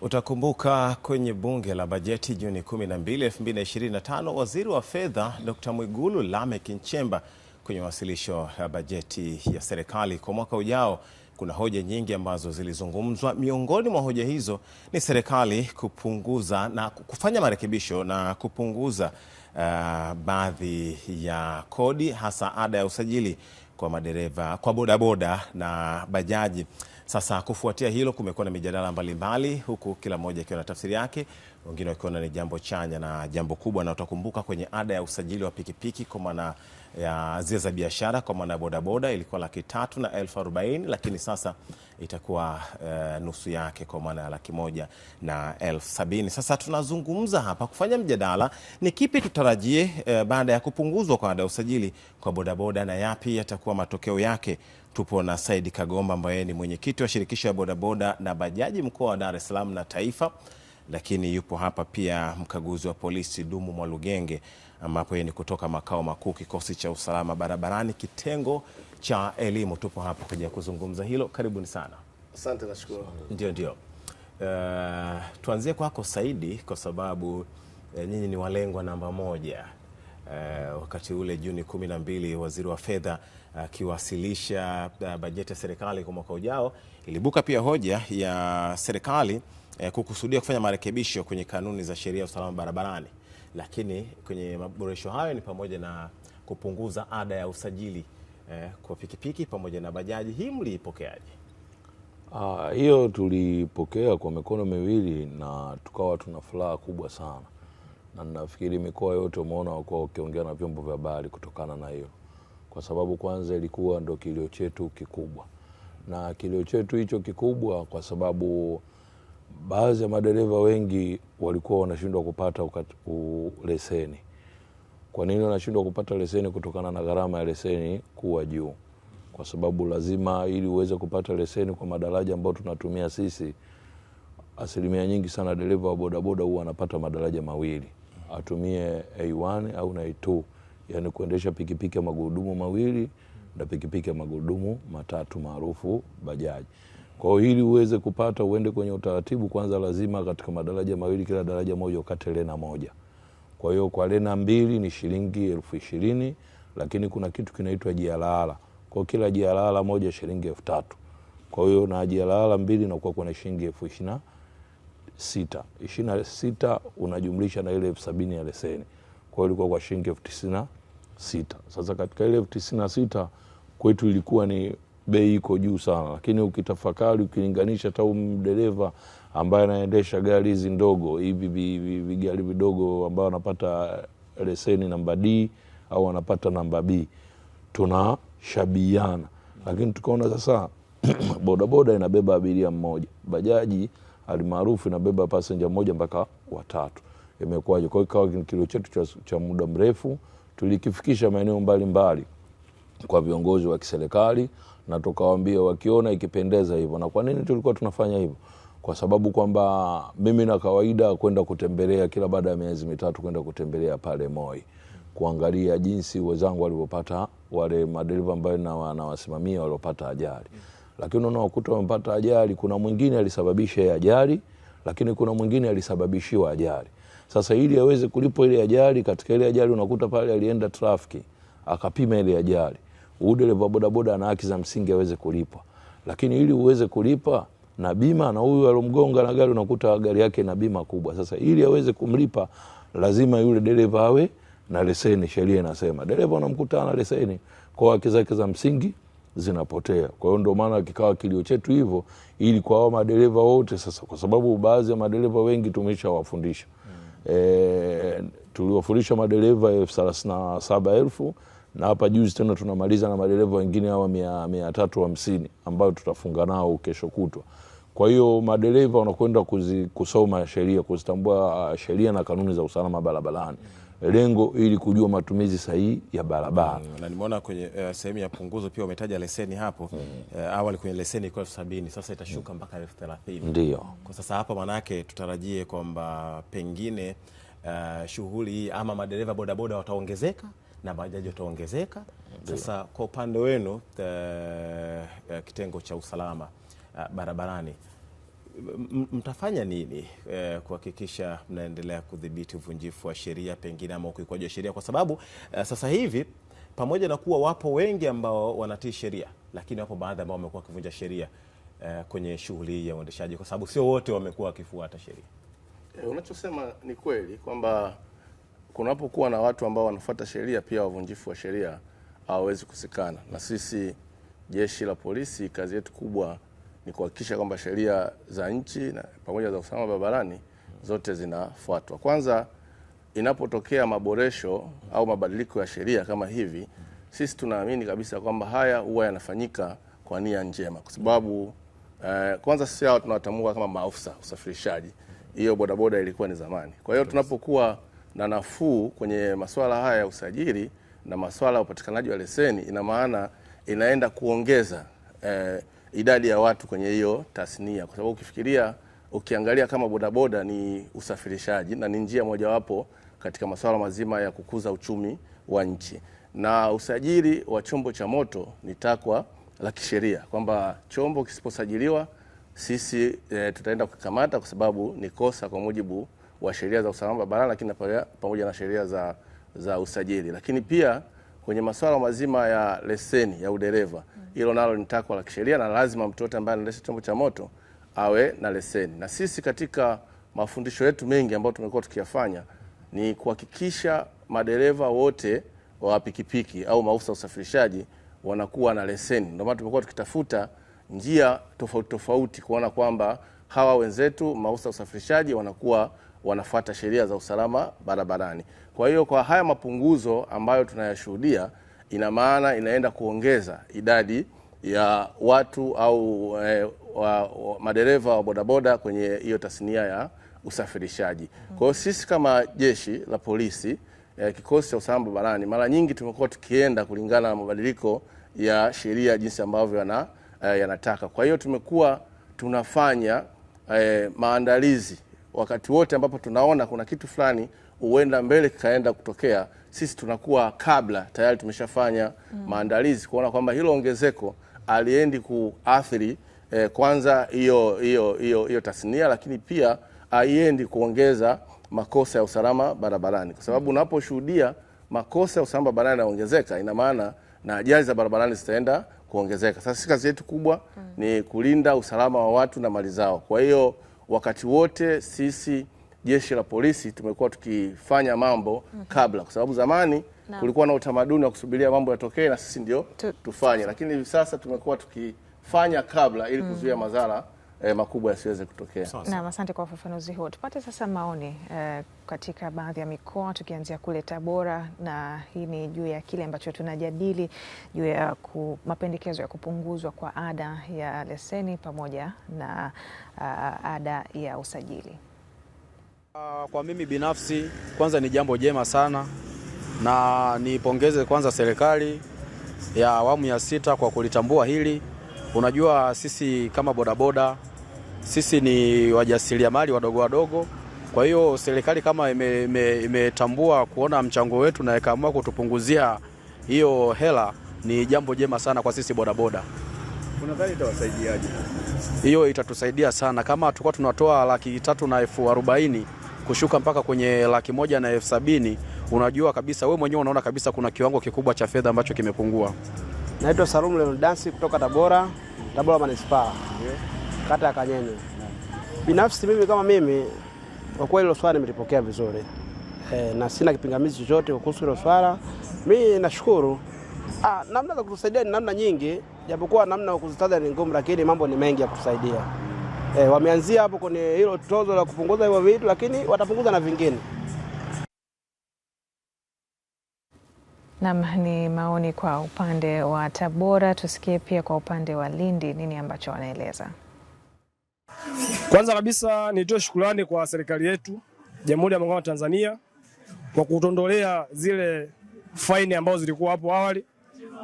Utakumbuka kwenye bunge la bajeti Juni 12, 2025 waziri wa fedha Dr. Mwigulu Lameck Nchemba kwenye wasilisho la bajeti ya serikali kwa mwaka ujao, kuna hoja nyingi ambazo zilizungumzwa. Miongoni mwa hoja hizo ni serikali kupunguza na kufanya marekebisho na kupunguza uh, baadhi ya kodi hasa ada ya usajili kwa madereva kwa bodaboda na bajaji. Sasa kufuatia hilo, kumekuwa na mijadala mbalimbali, huku kila mmoja akiwa na tafsiri yake, wengine wakiona ni jambo chanya na jambo kubwa. Na utakumbuka kwenye ada ya usajili wa pikipiki kwa maana ya zile za biashara kwa maana bodaboda ilikuwa laki tatu na elfu arobaini lakini sasa itakuwa e, nusu yake kwa maana ya laki moja na elfu sabini. Sasa tunazungumza hapa kufanya mjadala ni kipi tutarajie e, baada ya kupunguzwa kwa ada ya usajili kwa bodaboda na yapi yatakuwa matokeo yake. Tupo na saidi Kagomba ambaye ni mwenyekiti wa shirikisho ya bodaboda na bajaji mkoa wa Dar es Salaam na Taifa, lakini yupo hapa pia mkaguzi wa polisi Dumu Mwalugenge ambapo yeye ni kutoka makao makuu kikosi cha usalama barabarani kitengo cha elimu. Tupo hapa kuja kuzungumza hilo, karibuni sana. Asante, nashukuru. Ndio, ndio. Uh, tuanzie kwako Saidi, kwa sababu uh, nyinyi ni walengwa namba moja Uh, wakati ule Juni kumi na mbili waziri wa fedha akiwasilisha uh, uh, bajeti ya serikali kwa mwaka ujao ilibuka pia hoja ya serikali uh, kukusudia kufanya marekebisho kwenye kanuni za sheria ya usalama barabarani lakini kwenye maboresho hayo ni pamoja na kupunguza ada ya usajili eh, kwa pikipiki pamoja na bajaji. Hii mliipokeaje? Uh, hiyo tulipokea kwa mikono miwili na tukawa tuna furaha kubwa sana, na nafikiri mikoa yote umeona wakuwa wakiongea na vyombo vya habari kutokana na hiyo, kwa sababu kwanza ilikuwa ndo kilio chetu kikubwa, na kilio chetu hicho kikubwa kwa sababu baadhi ya madereva wengi walikuwa wanashindwa kupata leseni. Kwa nini wanashindwa kupata leseni? Kutokana na gharama ya leseni kuwa juu, kwa sababu lazima ili uweze kupata leseni kwa madaraja ambayo tunatumia sisi, asilimia nyingi sana dereva wa bodaboda huwa anapata madaraja mawili, atumie A1 au na A2, yani kuendesha pikipiki ya magurudumu mawili na pikipiki ya magurudumu matatu maarufu bajaji. Kwa hiyo ili uweze kupata uende kwenye utaratibu, kwanza lazima katika madaraja mawili, kila daraja moja ukate lena moja. Kwa hiyo kwa lena mbili ni shilingi elfu ishirini, lakini kuna kitu kinaitwa jialaala. Kwa kila jialaala moja shilingi elfu tatu. Kwa hiyo na jialaala mbili inakuwa kuna shilingi elfu ishirini na sita. Ishirini na sita unajumlisha na ile elfu sabini ya leseni. Kwa hiyo ilikuwa kwa shilingi elfu tisini na sita. Sasa katika ile elfu tisini na sita kwetu ilikuwa ni bei iko juu sana, lakini ukitafakari, ukilinganisha hata dereva ambaye anaendesha gari hizi ndogo hivi vigari vidogo, ambao wanapata leseni namba D au wanapata namba B, tunashabiana. Lakini tukaona sasa bodaboda inabeba abiria mmoja, bajaji alimaarufu inabeba pasenja mmoja mpaka watatu. Imekuwaje? Kwa hiyo ikawa kilio chetu cha, cha muda mrefu tulikifikisha maeneo mbalimbali kwa viongozi wa kiserikali na tukawaambia wakiona ikipendeza hivyo. Na kwa nini tulikuwa tunafanya hivyo? Kwa sababu kwamba mimi na kawaida kwenda kutembelea kila baada ya miezi mitatu kwenda kutembelea pale Moi kuangalia jinsi wenzangu walivyopata wale madereva ambayo nawasimamia waliopata ajali, lakini unaokuta wamepata ajali, kuna mwingine alisababisha ajali, lakini kuna mwingine alisababishiwa ajali. Sasa ili aweze kulipo ile ajali, katika ile ajali unakuta pale alienda trafiki akapima ile ajali udereva bodaboda ana haki za msingi aweze kulipwa, lakini ili uweze kulipa na bima, na huyu alomgonga na gari, unakuta gari yake na bima kubwa. Sasa ili aweze kumlipa, lazima yule dereva awe na leseni. Sheria inasema dereva unamkuta ana leseni, kwa haki zake za msingi zinapotea. Kwa hiyo ndio maana kikawa kilio chetu hivyo, ili kwa hao madereva wote sasa, kwa sababu baadhi ya madereva wengi tumeshawafundisha mm. E, tuliwafundisha madereva elfu thelathini na saba elfu na hapa juzi tena tunamaliza na madereva wengine hawa mia, mia tatu hamsini ambayo tutafunga nao kesho kutwa. Kwa hiyo madereva wanakwenda kusoma sheria, kuzitambua ah, sheria na kanuni za usalama barabarani lengo ili kujua matumizi sahihi ya barabara mm, na nimeona kwenye uh, sehemu ya punguzo pia umetaja leseni hapo mm. Uh, awali kwenye leseni ilikuwa elfu sabini sasa itashuka mm. mpaka elfu thelathini ndio kwa sasa hapa, maanake tutarajie kwamba pengine uh, shughuli hii ama madereva bodaboda wataongezeka na bajaji wataongezeka. Sasa kwa upande wenu uh, kitengo cha usalama uh, barabarani mtafanya nini eh, kuhakikisha mnaendelea kudhibiti uvunjifu wa sheria pengine ama ukiukwaji wa sheria? Kwa sababu eh, sasa hivi pamoja na kuwa wapo wengi ambao wanatii sheria, lakini wapo baadhi ambao wamekuwa wakivunja sheria eh, kwenye shughuli ya uendeshaji, kwa sababu sio wote wamekuwa wakifuata sheria. E, unachosema ni kweli kwamba kunapokuwa na watu ambao wanafuata sheria pia wavunjifu wa sheria hawawezi kusikana. Na sisi jeshi la polisi, kazi yetu kubwa ni kuhakikisha kwamba sheria za nchi na pamoja za usalama barabarani zote zinafuatwa. Kwanza inapotokea maboresho au mabadiliko ya sheria kama hivi, sisi tunaamini kabisa kwamba haya huwa yanafanyika kwa nia njema, kwa sababu eh, kwanza sisi hawa tunawatambua kama maafisa usafirishaji. Hiyo bodaboda ilikuwa ni zamani. Kwa hiyo tunapokuwa na nafuu kwenye masuala haya ya usajili na masuala ya upatikanaji wa leseni, ina maana inaenda kuongeza eh, idadi ya watu kwenye hiyo tasnia, kwa sababu ukifikiria, ukiangalia kama bodaboda ni usafirishaji na ni njia mojawapo katika masuala mazima ya kukuza uchumi wa nchi, na usajili wa chombo cha moto ni takwa la kisheria kwamba chombo kisiposajiliwa sisi e, tutaenda kukamata kwa sababu ni kosa kwa mujibu wa sheria za usalama barabarani, lakini pamoja na sheria za, za usajili, lakini pia kwenye masuala mazima ya leseni ya udereva hilo mm. nalo ni takwa la kisheria na lazima mtu yote ambaye anaendesha chombo cha moto awe na leseni. Na sisi katika mafundisho yetu mengi ambayo tumekuwa tukiyafanya ni kuhakikisha madereva wote wa pikipiki au maafisa usafirishaji wanakuwa na leseni. Ndio maana tumekuwa tukitafuta njia tofauti tofauti kuona kwamba hawa wenzetu maafisa usafirishaji wanakuwa wanafuata sheria za usalama barabarani. Kwa hiyo kwa haya mapunguzo ambayo tunayashuhudia, ina maana inaenda kuongeza idadi ya watu au e, wa, wa, madereva wa bodaboda kwenye hiyo tasnia ya usafirishaji. Kwa hiyo sisi kama jeshi la polisi e, kikosi cha usalama barabarani, mara nyingi tumekuwa tukienda kulingana na mabadiliko ya sheria jinsi ambavyo yana, e, yanataka. Kwa hiyo tumekuwa tunafanya e, maandalizi wakati wote ambapo tunaona kuna kitu fulani huenda mbele kikaenda kutokea, sisi tunakuwa kabla tayari tumeshafanya mm. maandalizi kuona kwamba hilo ongezeko aliendi kuathiri eh, kwanza hiyo hiyo hiyo hiyo tasnia, lakini pia aiendi kuongeza makosa ya usalama barabarani, kwa sababu unaposhuhudia makosa ya usalama barabarani yanaongezeka, ina maana na ajali za barabarani zitaenda kuongezeka. Sasa kazi yetu kubwa mm. ni kulinda usalama wa watu na mali zao, kwa hiyo wakati wote sisi jeshi la polisi tumekuwa tukifanya mambo mhm. kabla, kwa sababu zamani na kulikuwa na utamaduni wa kusubiria mambo yatokee na sisi ndio tufanye, lakini hivi sasa tumekuwa tukifanya kabla ili mhm. kuzuia madhara eh, makubwa yasiweze kutokea. Naam, asante kwa ufafanuzi huo. Tupate sasa maoni eh, katika baadhi ya mikoa tukianzia kule Tabora, na hii ni juu ya kile ambacho tunajadili juu ya mapendekezo ya kupunguzwa kwa ada ya leseni pamoja na uh, ada ya usajili. Ah, kwa mimi binafsi, kwanza ni jambo jema sana na nipongeze kwanza serikali ya awamu ya sita kwa kulitambua hili. Unajua, sisi kama bodaboda sisi ni wajasiriamali wadogo wadogo. Kwa hiyo serikali kama imetambua ime, ime kuona mchango wetu na ikaamua kutupunguzia hiyo hela, ni jambo jema sana kwa sisi bodaboda. Unadhani itawasaidiaje? Hiyo itatusaidia sana, kama tulikuwa tunatoa laki tatu na elfu arobaini kushuka mpaka kwenye laki moja na elfu sabini unajua kabisa, we mwenyewe unaona kabisa kuna kiwango kikubwa cha fedha ambacho kimepungua. Naitwa Salum Leondansi kutoka Tabora, Tabora manispaa yeah kata ya kanyenye Binafsi mimi kama mimi, kwa kweli hilo swala nimelipokea vizuri e, na sina kipingamizi chochote kuhusu hilo swala. Mimi nashukuru. Ah, namna za kutusaidia ni namna nyingi, japokuwa namna ya kuzitaja ni ngumu, lakini mambo ni mengi ya kutusaidia. E, wameanzia hapo kwenye hilo tozo la kupunguza hivyo vitu, lakini watapunguza na vingine. Nam ni maoni kwa upande wa Tabora. Tusikie pia kwa upande wa Lindi, nini ambacho wanaeleza. Kwanza kabisa nitoe shukrani kwa serikali yetu Jamhuri ya Muungano wa Tanzania kwa kutondolea zile faini ambazo zilikuwa hapo awali.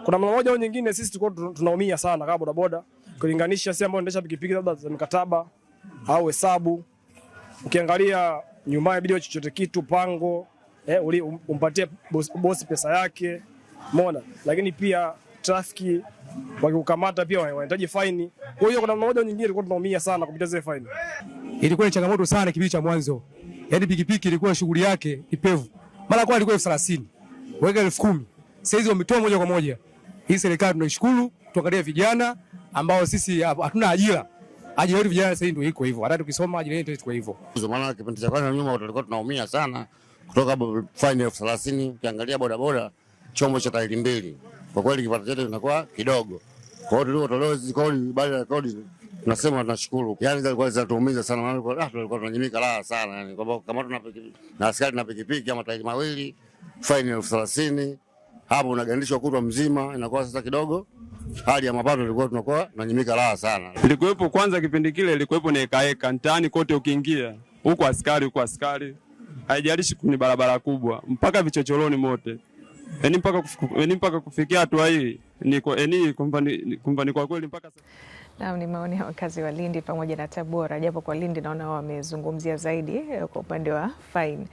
Kuna mambo moja au nyingine sisi tulikuwa tunaumia sana kama bodaboda, kulinganisha sisi ambao tunaendesha pikipiki labda za mikataba au hesabu. Ukiangalia nyumbani bidio chochote kitu pango, eh, umpatie bosi bos pesa yake. Umeona? Lakini pia trafiki wakikukamata pia wanahitaji faini. Kwa hiyo kuna mmoja nyingine ilikuwa tunaumia sana kupitia zile faini. Ilikuwa ni changamoto sana kipindi cha mwanzo, yaani pikipiki ilikuwa shughuli yake ipevu, mara kwa ilikuwa elfu thelathini weka elfu kumi sasa hizi wametoa moja kwa moja. Hii serikali tunaishukuru. Tuangalie vijana ambao sisi hatuna ajira, ajira yetu vijana sasa ndio iko hivyo, hata tukisoma ajira yetu iko hivyo. Kwa Maana kipindi cha kwanza nyuma tulikuwa tunaumia sana kutoka faini elfu thelathini. Ukiangalia bodaboda chombo cha tairi mbili kwa kweli kipato chetu kinakuwa kidogo. Kwa hiyo tulivyotolewa hizi kodi, baada ya kodi tunasema tunashukuru. Yani zilikuwa zinatuumiza sana, maana ah, tulikuwa tunanyimika raha sana, yani kwamba kama tuna na askari na pikipiki ama tairi mawili, faini elfu thelathini hapo unagandishwa kutwa mzima, inakuwa sasa kidogo hali ya mapato ilikuwa tunakuwa tunanyimika raha sana. Ilikuwepo kwanza, kipindi kile ilikuwepo ni eka eka mtaani kote, ukiingia huko askari, huko askari, haijalishi ni barabara kubwa mpaka vichochoroni mote yani mpaka yani mpaka kufikia hatua hii ni kwa yani kwamba ni kwa kweli mpaka Naam, ni maoni ya wakazi wa Lindi pamoja na Tabora, japo kwa Lindi naona wamezungumzia zaidi eh, kwa upande wa faini.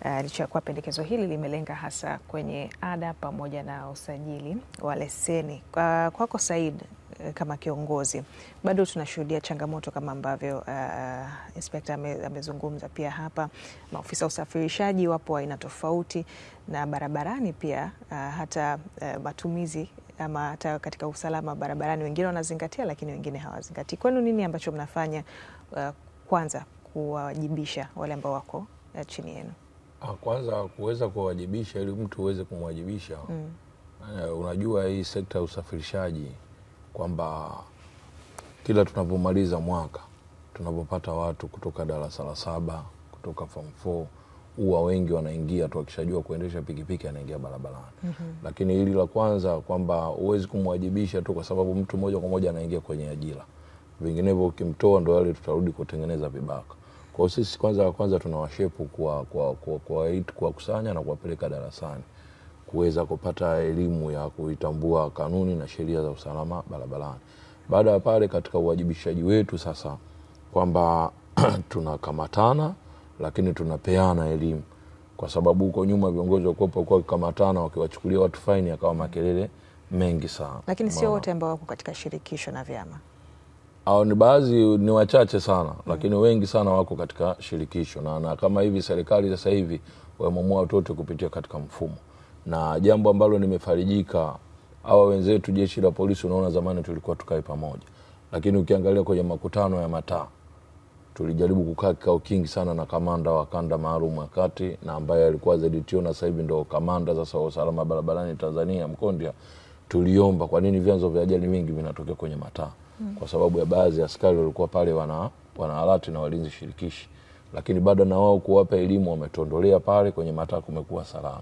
Uh, eh, licha ya kuwa pendekezo hili limelenga hasa kwenye ada pamoja na usajili wa leseni. Kwako kwa Said, Eh, kama kiongozi. Bado tunashuhudia changamoto kama ambavyo uh, inspekta amezungumza pia hapa. Maofisa usafirishaji wapo aina tofauti, na barabarani pia uh, hata uh, matumizi ama hata katika usalama barabarani, wengine wanazingatia, lakini wengine hawazingatii. Kwenu nini ambacho mnafanya uh, kwanza kuwawajibisha wale ambao wako uh, chini yenu? Ah, kwanza kuweza kuwawajibisha ili mtu uweze kumwajibisha mm. Uh, unajua hii sekta ya usafirishaji kwamba kila tunavyomaliza mwaka tunavyopata watu kutoka darasa la saba kutoka form four huwa wengi wanaingia tu, akishajua kuendesha pikipiki anaingia barabarani. mm -hmm. Lakini hili la kwanza kwamba huwezi kumwajibisha tu, kwa sababu mtu moja kwa moja anaingia kwenye ajira, vinginevyo ukimtoa ndo yale tutarudi kutengeneza vibaka. Kwa hiyo sisi kwanza kwanza tunawashepu kuwakusanya kwa, kwa, kwa, kwa, kwa na kuwapeleka darasani kuweza kupata elimu ya kuitambua kanuni na sheria za usalama barabarani. Baada ya pale, katika uwajibishaji wetu sasa kwamba tunakamatana, lakini tunapeana elimu, kwa sababu huko nyuma viongozi wakuwepo kuwa wakikamatana wakiwachukulia watu faini, akawa makelele mengi sana. Lakini sio wote ambao wako katika shirikisho na vyama au ni baadhi, ni wachache sana mm, lakini wengi sana wako katika shirikisho na, na kama hivi serikali sasa hivi wamemua watoto kupitia katika mfumo na jambo ambalo nimefarijika, hawa wenzetu jeshi la polisi, unaona zamani tulikuwa tukae pamoja, lakini ukiangalia kwenye makutano ya mataa tulijaribu kukaa kikao kingi sana na kamanda wa kanda maalum ya kati na ambaye alikuwa ZTO na sasa hivi ndo kamanda sasa wa usalama barabarani Tanzania Mkondia. Tuliomba kwa nini vyanzo vya ajali vingi vinatokea kwenye mataa? Mm. Kwa sababu ya baadhi ya askari walikuwa pale wana wana alati na walinzi shirikishi, lakini bado na wao kuwapa elimu wametondolea pale kwenye mataa, kumekuwa salama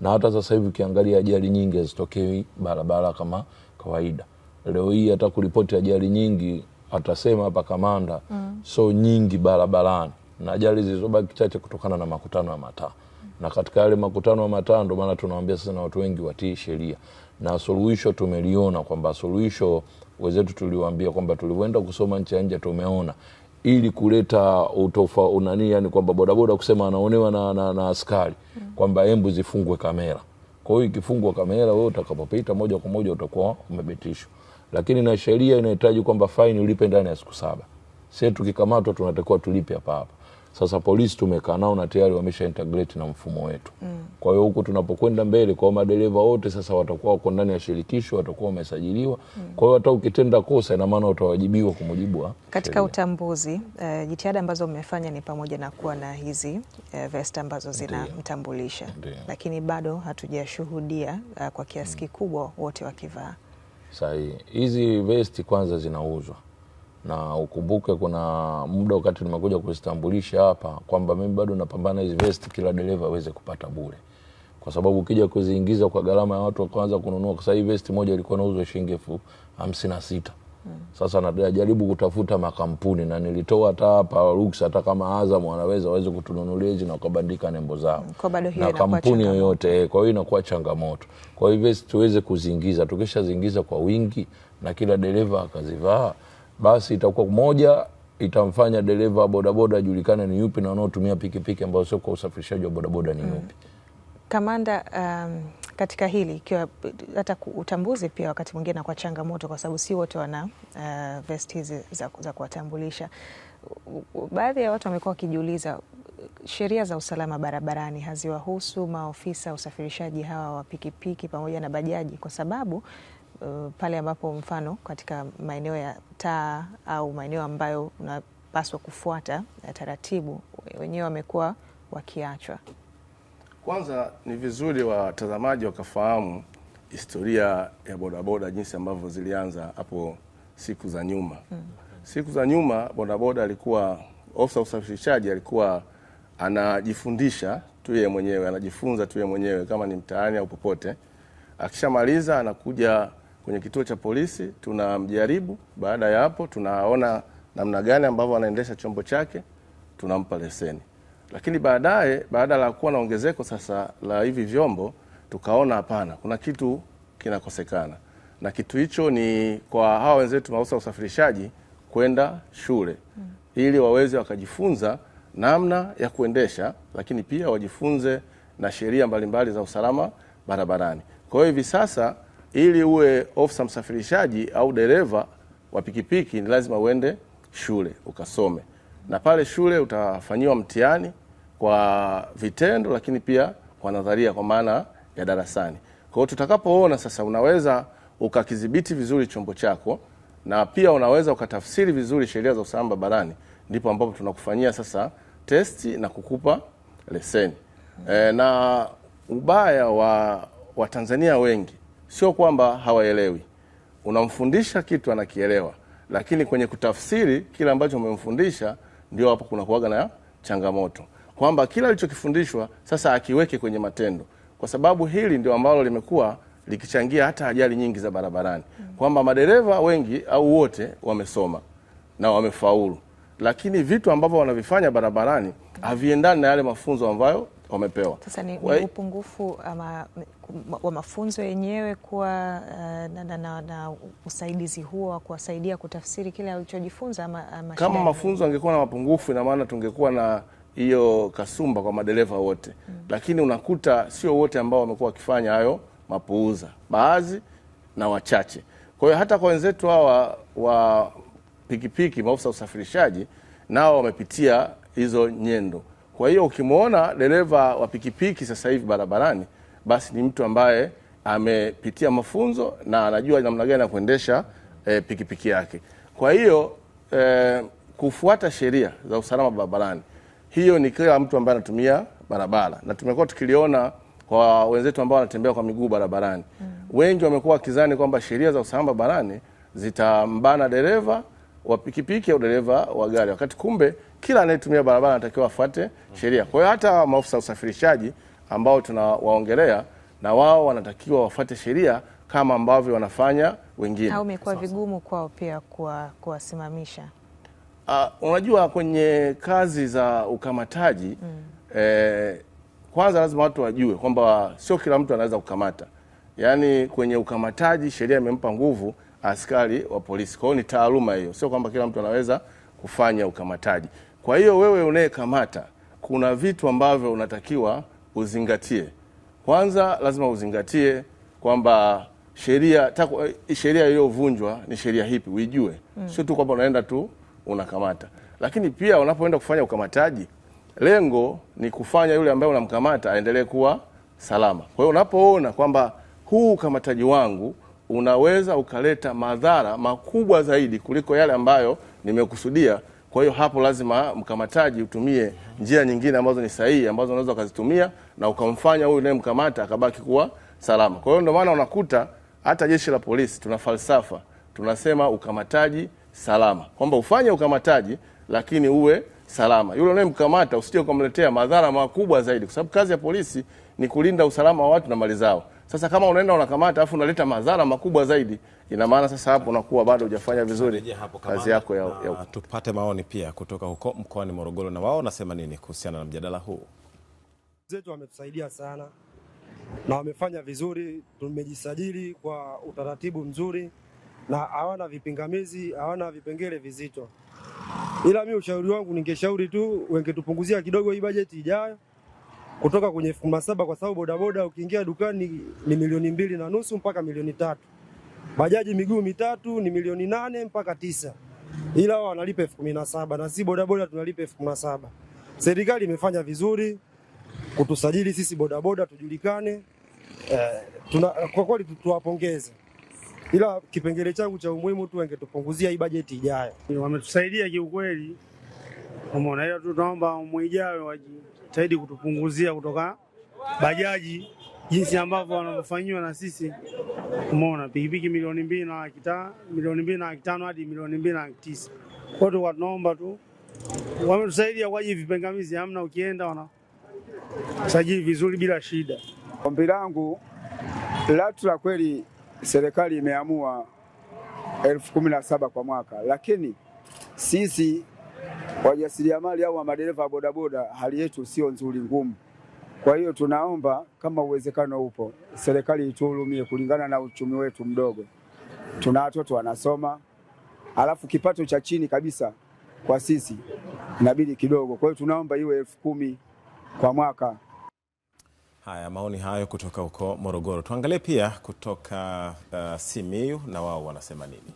na hata sasa hivi ukiangalia ajali nyingi hazitokei barabara kama kawaida. Leo hii hata kuripoti ajali nyingi atasema hapa kamanda mm. so nyingi barabarani na ajali zilizobaki chache kutokana na makutano ya mataa mm. na katika yale makutano ya mataa ndo maana tunawaambia sasa na watu wengi watii sheria na suluhisho tumeliona kwamba suluhisho wenzetu tuliwaambia kwamba tulivyoenda kusoma nchi ya nje tumeona ili kuleta utofa unani, yani kwamba bodaboda kusema anaonewa na, na, na askari kwamba embu zifungwe kamera. Kwa hiyo ikifungwa kamera, wewe utakapopita moja kwa moja utakuwa umebetishwa, lakini na sheria inahitaji kwamba faini ulipe ndani ya siku saba. Sisi tukikamatwa tunatakiwa tulipe hapa hapa. Sasa polisi tumekaa nao na tayari wamesha integrate na mfumo wetu mm. Kwa hiyo huku tunapokwenda mbele, kwa madereva wote sasa watakuwa wako ndani ya shirikisho, watakuwa wamesajiliwa mm. Kwa hiyo hata ukitenda kosa, ina maana utawajibiwa kwa mujibu katika sheria. Utambuzi uh, jitihada ambazo mmefanya ni pamoja na kuwa na hizi uh, vest ambazo zinamtambulisha, lakini bado hatujashuhudia uh, kwa kiasi mm. kikubwa wote wakivaa. Sahihi, hizi vesti kwanza zinauzwa na ukumbuke kuna muda wakati nimekuja kuzitambulisha hapa kwamba mimi bado napambana hizi vest kila dereva aweze kupata bure, kwa sababu ukija kuziingiza kwa gharama ya watu wakaanza kununua. Kwa sababu vest moja ilikuwa inauzwa shilingi elfu hamsini na sita. Hmm. Sasa najaribu kutafuta makampuni na nilitoa hata hapa ruksa, hata kama Azam wanaweza waweze kutununulia hizi na wakabandika nembo zao na kampuni yoyote. Eh, kwa hiyo inakuwa changamoto. Kwa hiyo vest tuweze kuziingiza, tukishaziingiza kwa wingi na kila dereva akazivaa basi itakuwa moja itamfanya dereva wa bodaboda ajulikane ni yupi na wanaotumia pikipiki ambao sio kwa usafirishaji wa bodaboda ni mm. yupi. Mm. Kamanda, um, katika hili ikiwa hata utambuzi pia wakati mwingine kwa changamoto, kwa sababu si wote wana uh, vest hizi za, za kuwatambulisha. Baadhi ya watu wamekuwa wakijiuliza sheria za usalama barabarani haziwahusu maofisa usafirishaji hawa wa pikipiki pamoja na bajaji, kwa sababu Uh, pale ambapo mfano katika maeneo ya taa au maeneo ambayo unapaswa kufuata taratibu, wenyewe wamekuwa wakiachwa. Kwanza ni vizuri watazamaji wakafahamu historia ya bodaboda jinsi ambavyo zilianza hapo siku za nyuma. Mm. Siku za nyuma bodaboda alikuwa ofisa usafirishaji alikuwa anajifundisha tu yeye mwenyewe, anajifunza tu yeye mwenyewe kama ni mtaani au popote. Akishamaliza anakuja kwenye kituo cha polisi, tunamjaribu. Baada ya hapo, tunaona namna gani ambavyo anaendesha chombo chake, tunampa leseni. Lakini baadaye, baada la kuwa na ongezeko sasa la hivi vyombo, tukaona hapana, kuna kitu kinakosekana, na kitu hicho ni kwa hawa wenzetu maafisa usafirishaji kwenda shule hmm. ili waweze wakajifunza namna ya kuendesha, lakini pia wajifunze na sheria mbalimbali za usalama barabarani. Kwa hiyo hivi sasa ili uwe ofisa msafirishaji au dereva wa pikipiki ni lazima uende shule ukasome, na pale shule utafanyiwa mtihani kwa vitendo, lakini pia kwa nadharia, kwa maana ya darasani. Kwa hiyo tutakapoona sasa, unaweza ukakidhibiti vizuri chombo chako na pia unaweza ukatafsiri vizuri sheria za usalama barabarani, ndipo ambapo tunakufanyia sasa testi na kukupa leseni. E, na ubaya wa Watanzania wengi sio kwamba hawaelewi. Unamfundisha kitu anakielewa, lakini kwenye kutafsiri kile ambacho umemfundisha ndio hapo kuna kuwaga na changamoto, kwamba kila alichokifundishwa sasa akiweke kwenye matendo, kwa sababu hili ndio ambalo limekuwa likichangia hata ajali nyingi za barabarani, kwamba madereva wengi au wote wamesoma na wamefaulu, lakini vitu ambavyo wanavifanya barabarani haviendani na yale mafunzo ambayo wamepewa. Sasa ni, ni upungufu ama, wa mafunzo yenyewe kuwa uh, na, na, na, na usaidizi huo wa kuwasaidia kutafsiri kile alichojifunza ama, ama kama mafunzo angekuwa na mapungufu, ina maana tungekuwa na hiyo kasumba kwa madereva wote mm. Lakini unakuta sio wote ambao wamekuwa wakifanya hayo mapuuza, baadhi na wachache. Kwa hiyo hata kwa wenzetu hawa wa pikipiki, maofisa usafirishaji, nao wamepitia hizo nyendo. Kwa hiyo ukimwona dereva wa pikipiki sasa hivi barabarani, basi ni mtu ambaye amepitia mafunzo na anajua namna gani ya kuendesha e, pikipiki yake. Kwa hiyo e, kufuata sheria za usalama barabarani, hiyo ni kila mtu ambaye anatumia barabara, na tumekuwa tukiliona kwa wenzetu ambao wanatembea kwa miguu barabarani mm. Wengi wamekuwa wakizani kwamba sheria za usalama barabarani zitambana dereva wa pikipiki au dereva wa gari, wakati kumbe kila anayetumia barabara anatakiwa afuate sheria. Kwa hiyo hata maafisa usafirishaji ambao tunawaongelea na wao wanatakiwa wafuate sheria kama ambavyo wanafanya wengine. Au imekuwa vigumu kwao pia kuwasimamisha? Uh, unajua kwenye kazi za ukamataji mm. eh, kwanza lazima watu wajue kwamba sio kila mtu anaweza kukamata. Yaani kwenye ukamataji sheria imempa nguvu askari wa polisi. Kwa hiyo ni taaluma hiyo, sio kwamba kila mtu anaweza kufanya ukamataji. Kwa hiyo wewe unayekamata, kuna vitu ambavyo unatakiwa uzingatie. Kwanza lazima uzingatie kwamba sheria sheria iliyovunjwa ni sheria hipi, uijue mm. Sio tu kwamba unaenda tu unakamata, lakini pia unapoenda kufanya ukamataji, lengo ni kufanya yule ambaye unamkamata aendelee kuwa salama. Kwa hiyo unapoona kwamba huu ukamataji wangu unaweza ukaleta madhara makubwa zaidi kuliko yale ambayo nimekusudia. Kwa hiyo hapo lazima mkamataji utumie njia nyingine ambazo ni sahihi ambazo unaweza ukazitumia na ukamfanya huyu unayemkamata akabaki kuwa salama. Kwa hiyo ndio maana unakuta hata jeshi la polisi tuna falsafa, tunasema ukamataji salama, kwamba ufanye ukamataji lakini uwe salama. Yule unayemkamata usije ukamletea madhara makubwa zaidi, kwa sababu kazi ya polisi ni kulinda usalama wa watu na mali zao. Sasa kama unaenda unakamata afu unaleta madhara makubwa zaidi, ina maana sasa hapo unakuwa bado hujafanya vizuri kazi yako ya, ya. Tupate maoni pia kutoka huko mkoani Morogoro, na wao nasema nini kuhusiana na mjadala huu. Zetu wametusaidia sana na wamefanya vizuri, tumejisajili kwa utaratibu mzuri na hawana vipingamizi, hawana vipengele vizito, ila mi ushauri wangu ningeshauri tu wengetupunguzia kidogo hii bajeti ijayo kutoka kwenye elfu kumi na saba kwa sababu bodaboda ukiingia dukani ni milioni mbili na nusu mpaka milioni tatu. Bajaji miguu mitatu ni milioni nane mpaka tisa, ila wao wanalipa elfu kumi na saba na si bodaboda tunalipa elfu kumi na saba. Serikali imefanya vizuri kutusajili sisi bodaboda tujulikane. Eh, tuna, kwa kweli tuwapongeze, ila kipengele changu cha umuhimu tu wangetupunguzia hii bajeti ijayo. Wametusaidia kiukweli, umeona, ila tunaomba mwaijayo waji wanajitahidi kutupunguzia kutoka bajaji jinsi ambavyo wanavyofanyiwa na sisi. Umeona pikipiki milioni mbili na laki tano milioni mbili na laki tano hadi milioni mbili na laki tisa kwao, tunaomba tu wametusaidia kwa ajili vipengamizi hamna, ukienda wana sajili vizuri bila shida. Ombi langu LATRA kweli serikali imeamua elfu kumi na saba kwa mwaka, lakini sisi wajasiriamali au wa madereva bodaboda, hali yetu sio nzuri, ngumu. Kwa hiyo tunaomba kama uwezekano upo, serikali ituhurumie kulingana na uchumi wetu mdogo. Tuna watoto wanasoma, alafu kipato cha chini kabisa kwa sisi inabidi kidogo. Kwa hiyo tunaomba iwe elfu kumi kwa mwaka. Haya, maoni hayo kutoka huko Morogoro. Tuangalie pia kutoka uh, Simiyu na wao wanasema nini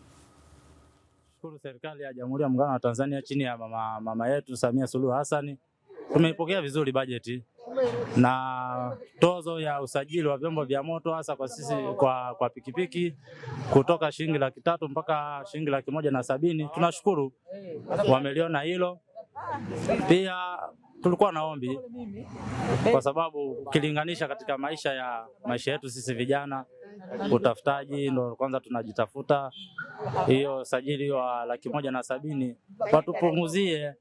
tunashukuru serikali ya Jamhuri ya Muungano wa Tanzania chini ya mama, mama yetu Samia Suluhu Hassan tumeipokea vizuri bajeti na tozo ya usajili wa vyombo vya moto hasa kwa sisi kwa, kwa pikipiki kutoka shilingi laki tatu mpaka shilingi laki moja na sabini. Tunashukuru wameliona hilo pia tulikuwa na ombi kwa sababu ukilinganisha katika maisha ya maisha yetu sisi vijana, utafutaji ndo kwanza tunajitafuta. Hiyo sajili wa laki moja na sabini watupunguzie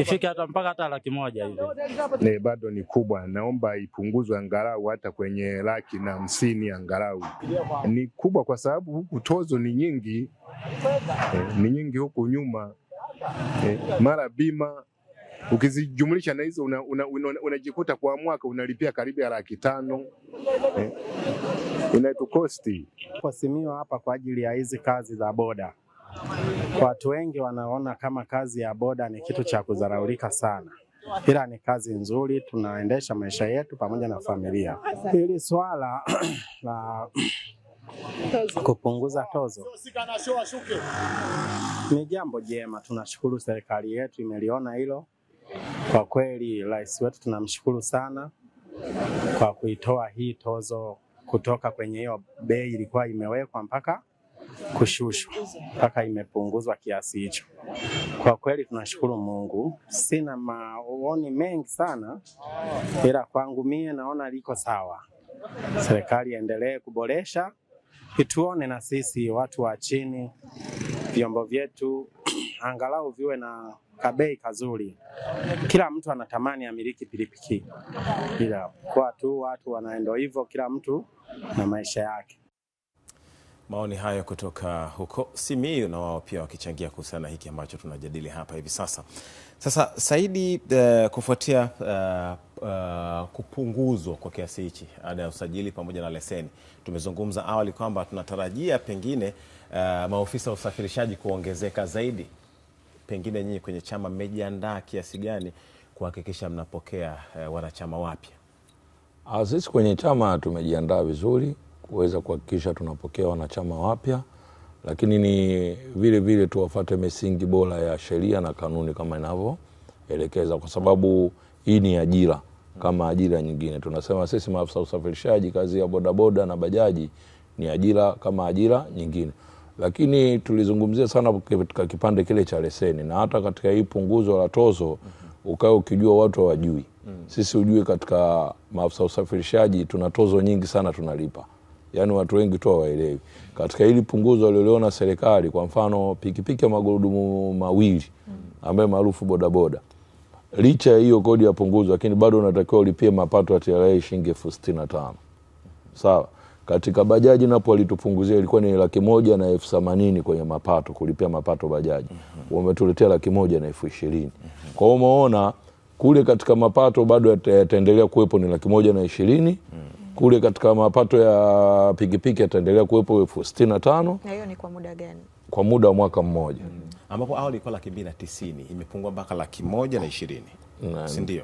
ifike hata mpaka hata laki moja hivi, bado ni kubwa. Naomba ipunguzwe angalau hata kwenye laki na hamsini, angalau ni kubwa, kwa sababu huku tozo ni nyingi, eh, ni nyingi huku nyuma, eh, mara bima Ukizijumlisha na hizo unajikuta una, una, una kwa mwaka unalipia karibu ya laki tano eh, inatukosti kwa simio hapa kwa ajili ya hizi kazi za boda. Watu wengi wanaona kama kazi ya boda ni kitu cha kudharaulika sana, ila ni kazi nzuri, tunaendesha maisha yetu pamoja na familia. Hili swala la kupunguza tozo ni jambo jema, tunashukuru serikali yetu imeliona hilo kwa kweli rais wetu tunamshukuru sana kwa kuitoa hii tozo kutoka kwenye hiyo bei ilikuwa imewekwa mpaka kushushwa mpaka imepunguzwa kiasi hicho. Kwa kweli tunashukuru Mungu. Sina maoni mengi sana, ila kwangu mie naona liko sawa. Serikali endelee kuboresha, ituone na sisi watu wa chini, vyombo vyetu angalau viwe na kabei kazuri. Kila mtu anatamani amiliki pikipiki, ila kwa tu watu wanaenda hivyo, kila mtu na maisha yake. Maoni hayo kutoka huko Simiyu, na wao pia wakichangia kuhusiana na hiki ambacho tunajadili hapa hivi sasa. Sasa Saidi, uh, kufuatia uh, uh, kupunguzwa kwa kiasi hichi ada ya usajili pamoja na leseni, tumezungumza awali kwamba tunatarajia pengine uh, maofisa wa usafirishaji kuongezeka zaidi pengine nyinyi kwenye chama mmejiandaa kiasi gani kuhakikisha mnapokea e, wanachama wapya? Ah, sisi kwenye chama tumejiandaa vizuri kuweza kuhakikisha tunapokea wanachama wapya, lakini ni vile vile tuwafate misingi bora ya sheria na kanuni kama inavyoelekeza, kwa sababu hii ni ajira kama ajira nyingine. Tunasema sisi maafisa usafirishaji, kazi ya bodaboda na bajaji ni ajira kama ajira nyingine lakini tulizungumzia sana katika kipande kile cha leseni na hata katika hii punguzo la tozo ukawe ukijua watu hawajui mm. Sisi ujue katika maafisa usafirishaji tuna tozo nyingi sana tunalipa, yaani watu wengi tu hawaelewi. Katika hili punguzo alioliona serikali, kwa mfano pikipiki ya magurudumu mawili mm ambaye maarufu bodaboda licha ya hiyo kodi ya punguzo, lakini bado unatakiwa ulipie mapato ya TRA shilingi elfu sitini na tano sawa katika bajaji napo walitupunguzia ilikuwa ni laki moja na elfu themanini kwenye mapato, kulipia mapato bajaji. mm -hmm. Wametuletea laki moja na elfu ishirini. mm -hmm. Kwa hiyo umeona kule katika mapato bado yataendelea kuwepo ni laki moja na ishirini. mm -hmm. Kule katika mapato ya pikipiki yataendelea kuwepo elfu sitini na tano. Na hiyo ni kwa muda gani? Kwa muda wa mwaka mmoja. mm -hmm. Ambapo awali ilikuwa laki mbili na tisini imepungua mpaka laki moja na ishirini ndio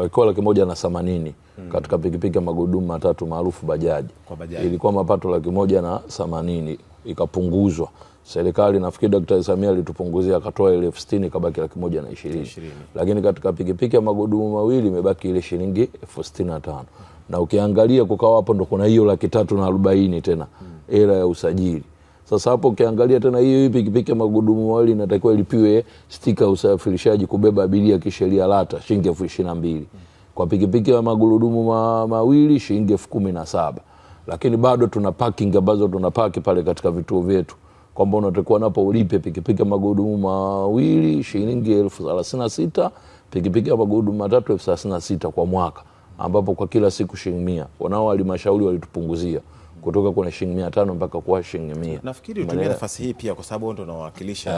ilikuwa laki moja na themanini mm. katika pikipiki ya magurudumu matatu maarufu bajaji. Bajaji ilikuwa mapato laki moja na themanini ikapunguzwa serikali nafikiri Daktari Samia alitupunguzia akatoa ile elfu sitini ikabaki laki moja na ishirini, lakini katika pikipiki ya magurudumu mawili imebaki ile shilingi elfu sitini na tano na ukiangalia kukawa hapo ndo kuna hiyo laki tatu na arobaini tena hela hmm. ya usajili sasa hapo ukiangalia tena hiyo hii pikipiki ya magurudumu mawili inatakiwa ilipiwe stika usafirishaji kubeba abiria kisheria LATA shilingi elfu ishirini na mbili kwa pikipiki ya magurudumu ma, mawili shilingi elfu kumi na saba lakini bado tuna parking ambazo tuna paki pale katika vituo vyetu kwamba unatakiwa napo ulipe pikipiki ya magurudumu mawili shilingi elfu thelathini na sita pikipiki ya magurudumu matatu elfu thelathini na sita kwa mwaka ambapo kwa kila siku shilingi mia. Wanao halmashauri walitupunguzia kutoka kuna shilingi mia tano mpaka kuwa shilingi mia. Nafikiri utumie nafasi hii pia kwa sababu ndio unawakilisha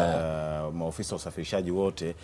uh, maofisa wa usafirishaji wote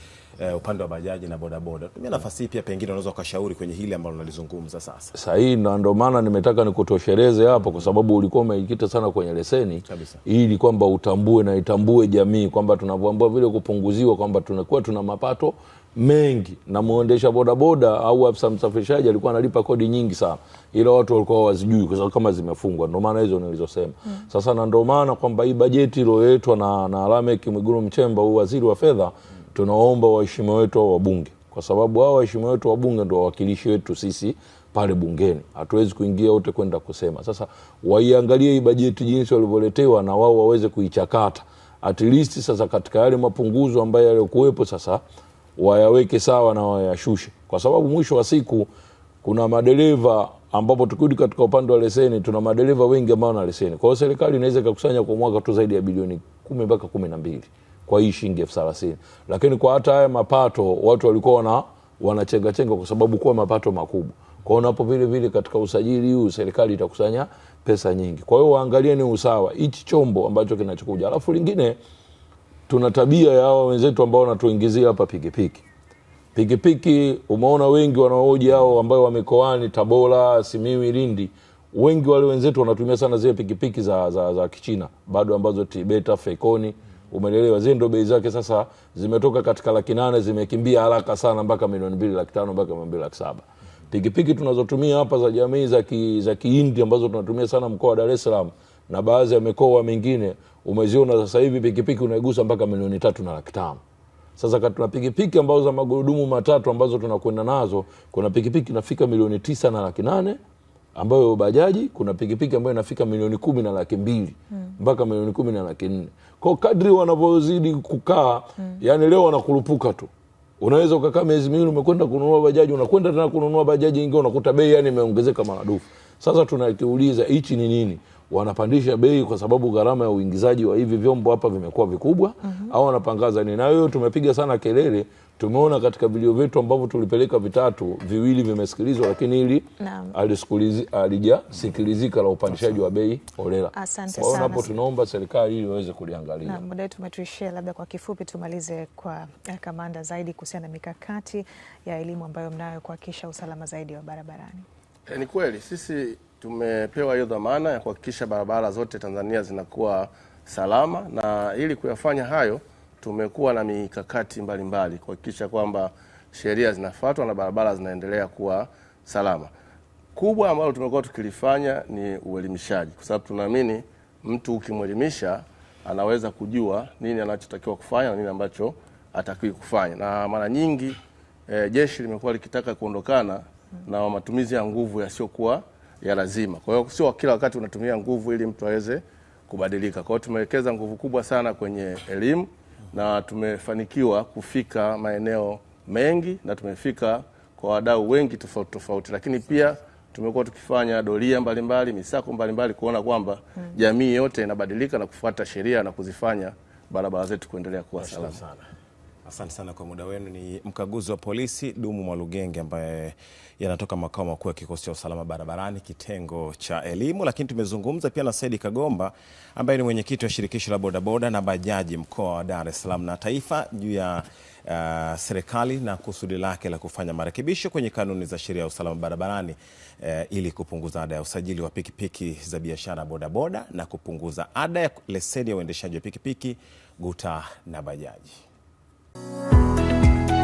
uh, upande wa bajaji na bodaboda. Tumia nafasi hii pia, pengine unaweza ukashauri kwenye hili ambalo nalizungumza sasa. sahii na ndio maana nimetaka nikutoshereze hapo, kwa sababu ulikuwa umejikita sana kwenye leseni kabisa, ili kwamba utambue na itambue jamii kwamba tunavyoambua vile kupunguziwa, kwamba tunakuwa tuna mapato mengi, na mwendesha bodaboda au afisa msafirishaji alikuwa analipa kodi nyingi sana, ila watu walikuwa wazijui kwa sababu kama zimefungwa. Ndio maana hizo nilizosema mm. Sasa na ndio maana kwamba hii bajeti iliyoletwa na, na Lameck Mwigulu Nchemba, huu waziri wa fedha, tunaomba waheshimiwa wetu au wabunge, kwa sababu hao waheshimiwa wetu wabunge ndio wawakilishi wetu sisi pale bungeni, hatuwezi kuingia wote kwenda kusema. Sasa waiangalie hii bajeti jinsi walivyoletewa, na wao waweze kuichakata at least. Sasa katika yale mapunguzo ambayo yaliokuwepo sasa wayaweke sawa na wayashushe, kwa sababu mwisho wa siku kuna madereva ambapo tukirudi katika upande wa leseni tuna madereva wengi ambao wana leseni. Kwa hiyo serikali inaweza ikakusanya kwa mwaka tu zaidi ya bilioni kumi mpaka kumi na mbili kwa hii shilingi elfu thelathini lakini kwa hata haya mapato watu walikuwa wana wanachengachenga kwa sababu kuwa mapato makubwa. kwao, napo vile vile katika usajili huu serikali itakusanya pesa nyingi. Kwa hiyo waangalie ni usawa hichi chombo ambacho kinachokuja, alafu lingine tuna tabia ya hawa wenzetu ambao wanatuingizia hapa pikipiki pikipiki. Umeona wengi wanaoji hao ambao wamekoani Tabora, Simiwi, Lindi, wengi wale wenzetu wanatumia sana zile pikipiki za, za, za Kichina bado ambazo Tibeta fekoni umeelewa zile ndo bei zake sasa zimetoka katika laki nane zimekimbia haraka sana mpaka milioni mbili laki tano mpaka milioni mbili laki saba pikipiki tunazotumia hapa za jamii za ki ambazo tunatumia sana mkoa wa dares salam na baadhi ya mikoa mingine umeziona sasa hivi pikipiki unaigusa mpaka milioni tatu na laki tano. Sasa katuna pikipiki ambazo za magurudumu matatu ambazo tunakwenda nazo, kuna pikipiki inafika milioni tisa na laki nane ambayo bajaji, kuna pikipiki ambayo inafika milioni kumi na laki mbili hmm. mpaka milioni kumi na laki nne kwa kadri wanavyozidi kukaa mm. yani leo wanakurupuka tu unaweza ukakaa miezi miwili umekwenda kununua bajaji, unakwenda tena kununua bajaji nyingine, unakuta bei yani imeongezeka maradufu. Sasa tunakiuliza hichi ni nini? wanapandisha bei kwa sababu gharama ya uingizaji wa hivi vyombo hapa vimekuwa vikubwa mm -hmm. au wanapangazani na hiyo tumepiga sana kelele. Tumeona katika vilio vyetu ambavyo tulipeleka vitatu, viwili vimesikilizwa, lakini hili alijasikilizika la upandishaji wa bei holela. Kwa hapo tunaomba serikali ili waweze kuliangalia. Na muda wetu umetuishia, labda kwa kifupi tumalize kwa eh, kamanda zaidi kuhusiana na mikakati ya elimu ambayo mnayo kuhakikisha usalama zaidi wa barabarani. Eh, ni kweli sisi tumepewa hiyo dhamana ya kuhakikisha barabara zote Tanzania zinakuwa salama, na ili kuyafanya hayo tumekuwa na mikakati mbalimbali kuhakikisha kwamba sheria zinafuatwa na barabara zinaendelea kuwa salama. Kubwa ambalo tumekuwa tukilifanya ni uelimishaji, kwa sababu tunaamini mtu ukimwelimisha anaweza kujua nini anachotakiwa kufanya na nini ambacho atakiwi kufanya. Na mara nyingi e, jeshi limekuwa likitaka kuondokana na matumizi ya nguvu yasiyokuwa ya lazima. Kwa hiyo sio kila wakati unatumia nguvu ili mtu aweze kubadilika. Kwa hiyo tumewekeza nguvu kubwa sana kwenye elimu na tumefanikiwa kufika maeneo mengi na tumefika kwa wadau wengi tofauti tofauti, lakini pia tumekuwa tukifanya doria mbalimbali, misako mbalimbali kuona kwamba hmm. jamii yote inabadilika na kufuata sheria na kuzifanya barabara zetu kuendelea kuwa salama. Asante sana kwa muda wenu. Ni mkaguzi wa polisi Dumu Mwalugenge ambaye yanatoka makao makuu ya kikosi cha usalama barabarani kitengo cha elimu, lakini tumezungumza pia na Saidi Kagomba ambaye ni mwenyekiti wa shirikisho la bodaboda na bajaji mkoa wa Dar es Salaam na Taifa juu ya uh, serikali na kusudi lake la kufanya marekebisho kwenye kanuni za sheria ya usalama barabarani uh, ili kupunguza ada ya usajili wa pikipiki za biashara bodaboda na kupunguza ada ya leseni ya uendeshaji wa pikipiki, guta na bajaji. Música